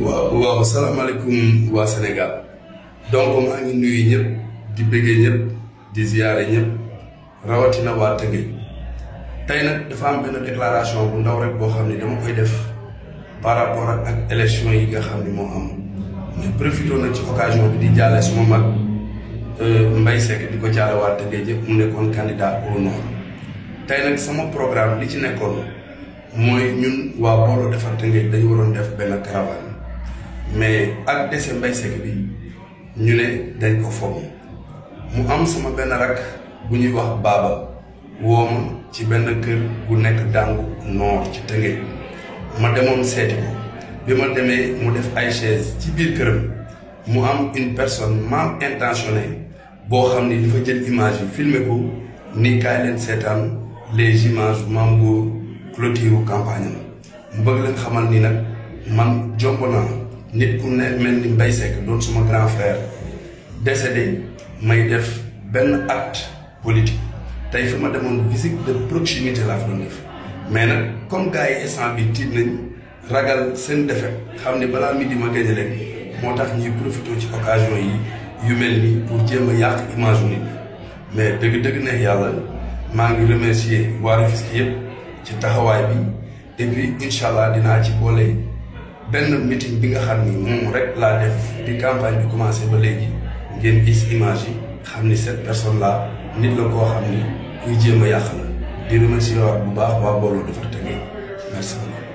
waaw waaw salaamaaleykum waa Sénégal donc maa ngi nuyu ñëpp di bëggee ñëpp di ziyaare ñëpp rawatina waa Tëngéej tey nag dafa am benn déclaration bu ndaw rek boo xam ne dama koy def par rapport ak élection yi nga xam ne moo am ñu profité nag ci occasion bi di jàllee suma mag euh, Mbaye Seck di ko jaale waa Tëngéej yëpp mu nekkoon candidat au nord tey nag sama programme li ci nekkoon mooy ñun waa booloo defar Tëngéej dañu waroon def benn caravane mais ak dese mbay sekk bi ñu ne dañ ko fomm mu am sama benn rak bu ñuy wax baaba wooma ci benn kër gu nekk dàngu noor ci tënge ma demoon seeti ko bi ma demee mu def ay chaise ci biir këram mu am une personne mal intentionnée boo xam ni dafa jël image yi filmer ni kaay leen seetaan les images Mame Goor clôture campagne am mu bëgg leen xamal ni nag man jomb naa nit ku ne mel ni mbay Seck doon suma grand frère décédé may def benn acte politique tey fi ma demoon visite de proximité laa fa doon def mais nag comme gars yi instant bi tiit nañ ragal seen defet xam ne balaa di ma gañe moo tax ñuy profité ci occasion yi yu mel nii pour jéem a yàq image nit mais dëgg-dëgg ne yàlla maa ngi remercier waa Rufisque yëpp ci taxawaay bi et puis incha allah dinaa ci boole. benn meeting bi nga xam ni moom rek laa def di campagne bi commencé ba léegi ngeen gis image yi xam ni cette personne là nit la koo xam ni kuy jéem a yàq la di si waat bu baax waa booloo defar tege merci beaucoup.